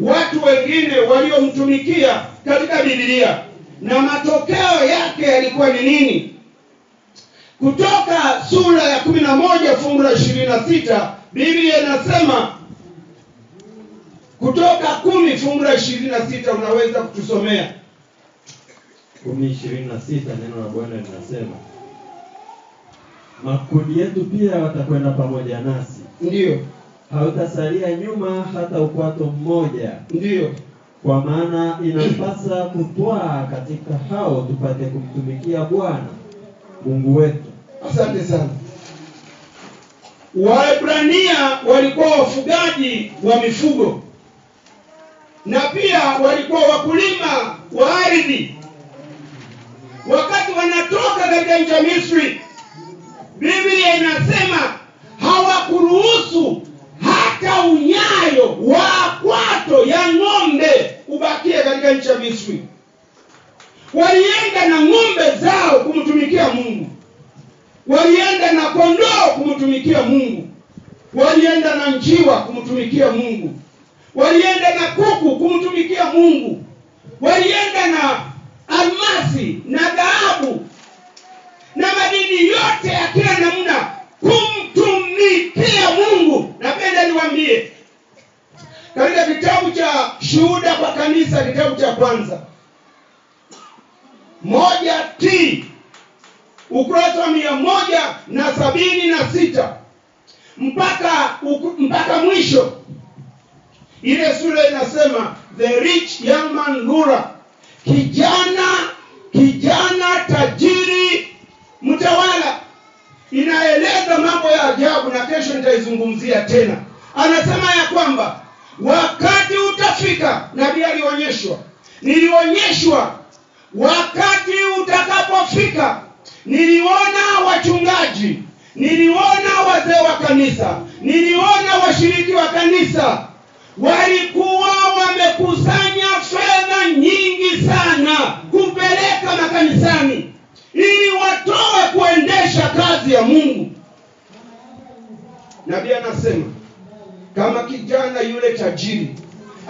watu wengine waliomtumikia katika Biblia, na matokeo yake yalikuwa ni nini? Kutoka sura ya kumi na moja fungu la ishirini na sita Biblia inasema Kutoka kumi fungu la ishirini na sita unaweza kutusomea? kumi ishirini na sita Neno la Bwana linasema makundi yetu pia watakwenda pamoja nasi, ndio hautasalia nyuma hata ukwato mmoja. Ndiyo, kwa maana inapasa kutwaa katika hao tupate kumtumikia Bwana Mungu wetu. Asante sana. Waebrania walikuwa wafugaji wa mifugo na pia walikuwa wakulima wa ardhi. Wakati wanatoka katika nchi ya Misri, Biblia inasema hawakuruhusu unyayo wa kwato ya ng'ombe ubakie katika nchi ya Misri. Walienda na ng'ombe zao kumtumikia Mungu, walienda na kondoo kumtumikia Mungu, walienda na njiwa kumtumikia Mungu, walienda na kuku kumtumikia Mungu Shuhuda kwa Kanisa, kitabu cha kwanza moja t ukurasa wa mia moja na sabini na sita mpaka mpaka mwisho. Ile sura inasema the rich young man lura kijana kijana tajiri mtawala. Inaeleza mambo ya ajabu, na kesho nitaizungumzia tena. Anasema ya kwamba wakati Afrika nabii alionyeshwa, nilionyeshwa wakati utakapofika. Niliona wachungaji, niliona wazee wa kanisa, niliona washiriki wa kanisa walikuwa wamekusanya fedha nyingi sana kupeleka makanisani ili watoe kuendesha kazi ya Mungu. Nabii anasema kama kijana yule tajiri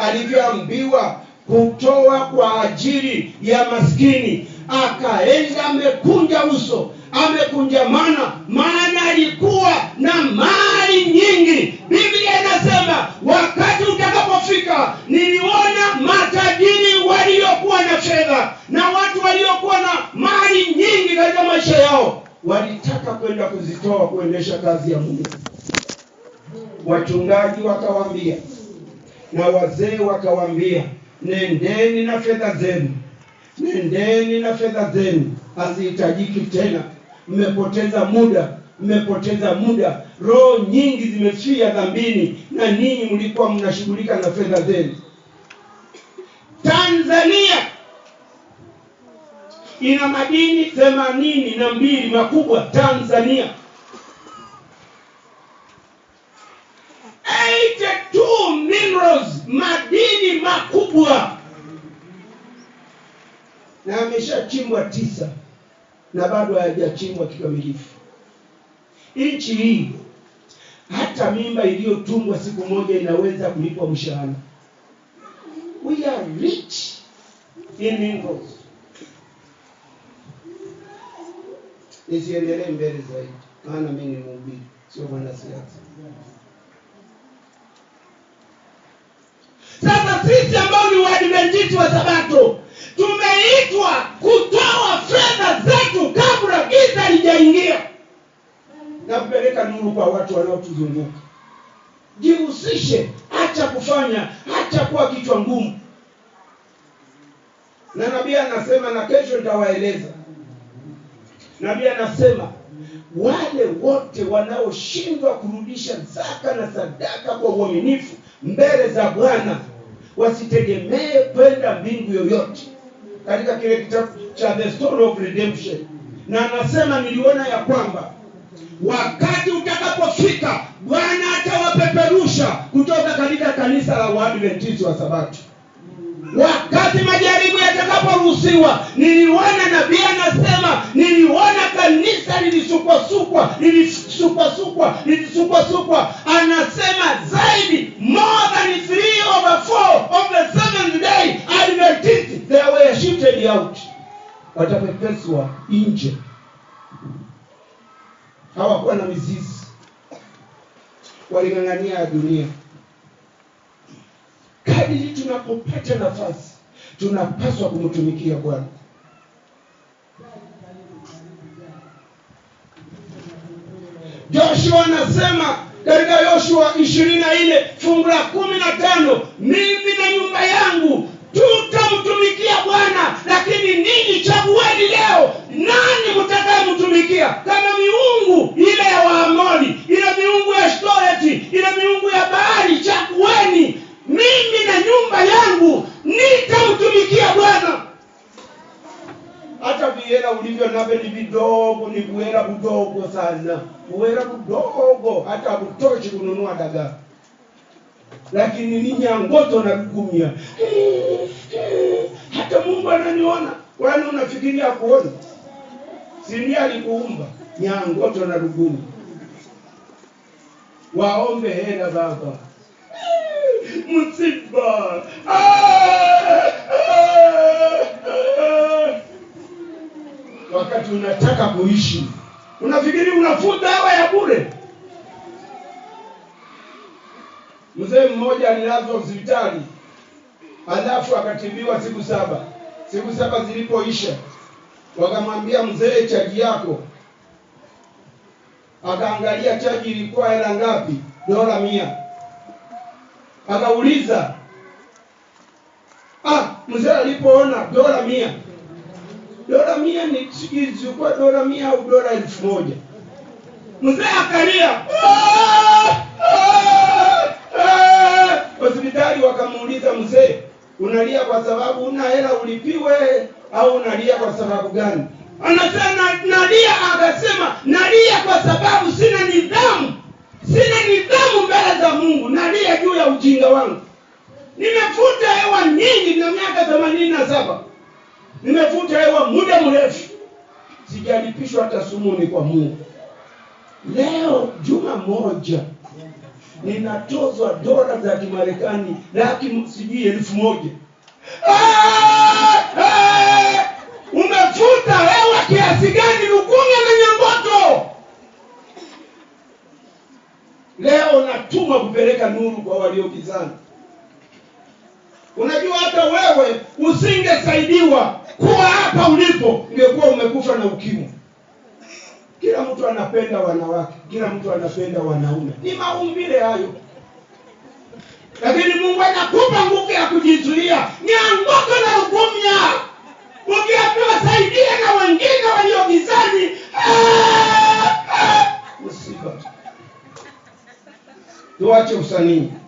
alivyoambiwa kutoa kwa ajili ya maskini, akaenda amekunja uso, amekunjamana, maana alikuwa na mali nyingi. Biblia inasema wakati utakapofika, niliona matajiri waliokuwa na fedha na watu waliokuwa na mali nyingi katika maisha yao, walitaka kwenda kuzitoa kuendesha kazi ya Mungu. Wachungaji wakawaambia na wazee wakawaambia, nendeni na fedha zenu, nendeni na fedha zenu, hazihitajiki tena. Mmepoteza muda, mmepoteza muda. Roho nyingi zimefia dhambini, na ninyi mlikuwa mnashughulika na fedha zenu. Tanzania ina madini themanini na mbili makubwa. Tanzania na ameshachimbwa tisa na bado hayajachimbwa kikamilifu. Nchi hii hata mimba iliyotungwa siku moja inaweza kulipwa mshahara. We are rich in minerals. Nisiendelee mbele zaidi, maana mi ni mhubiri, sio mwanasiasa. Sasa sisi ambao ni Waadventisti wa Sabato tumeitwa kutoa fedha zetu kabla giza lijaingia na kupeleka nuru kwa watu wanaotuzunguka. Jihusishe, hacha kufanya, hacha kuwa kichwa ngumu. Na nabii anasema, na kesho nitawaeleza. Nabii anasema wale wote wanaoshindwa kurudisha zaka na sadaka kwa uaminifu mbele za Bwana wasitegemee kwenda mbingu yoyote katika kile kitabu cha The Story of Redemption, na anasema niliona ya kwamba wakati utakapofika Bwana atawapeperusha kutoka katika kanisa la Waadventista wa Sabato. Wakati majaribu yatakaporuhusiwa, niliona nabii anasema, niliona kanisa lilisukwasukwa, lilisukwasukwa, lilisukwasukwa. Anasema zaidi watapepeswa nje, hawakuwa na mizizi, waling'ang'ania ya dunia. Kadiri tunapopata nafasi, tunapaswa kumtumikia Bwana. Joshua anasema katika Yoshua ishirini na nne fungu la kumi na tano mimi na nyumba yangu lakini ninyi chagueni leo nani mtakayemtumikia, kama miungu ile ya Waamoni, ile miungu ya shtoreti ile miungu ya Baali. Chagueni, mimi na nyumba yangu nitamtumikia Bwana. Hata viera ulivyo navyo ni vidogo, ni kuera kudogo sana, kuera kudogo hata kutoshi kununua dagaa, lakini ninyi angoto na kugumia hata Mungu ananiona, kwani unafikiria kuona? Si ndiye alikuumba Nyangoto na rugumu? Waombe hela baba, msiba wakati unataka kuishi, unafikiri unafuta dawa ya bure. Mzee mmoja alilazwa hospitali alafu akatibiwa siku saba. Siku saba zilipoisha, wakamwambia mzee, chaji yako. Akaangalia chaji ilikuwa hela ngapi? Dola mia. Akauliza, ah, mzee alipoona dola mia, dola mia ni zilikuwa dola mia au dola elfu moja mzee akalia, ah! unalia kwa sababu una hela ulipiwe, au unalia kwa sababu gani? Anasema nalia, akasema nalia kwa sababu sina nidhamu, sina nidhamu mbele za Mungu. Nalia juu ya ujinga wangu. Nimefuta hewa nyingi na miaka themanini na saba nimefuta hewa muda mrefu, sijalipishwa hata sumuni kwa Mungu. Leo juma moja ninatozwa dola za Kimarekani laki sijui elfu moja umefuta hewa kiasi gani lukunya na Nyamboto? Leo natuma kupeleka nuru kwa waliokizana. Unajua hata wewe usingesaidiwa kuwa hapa ulipo, ungekuwa umekufa na ukimwi. Kila mtu anapenda wanawake, kila mtu anapenda wanaume, ni maumbile hayo lakini Mungu anakupa nguvu ya kujizuia. Ni anguko la ugumya ukiambiwa saidia na wengine walio gizani eh, eh. Tuache usanii.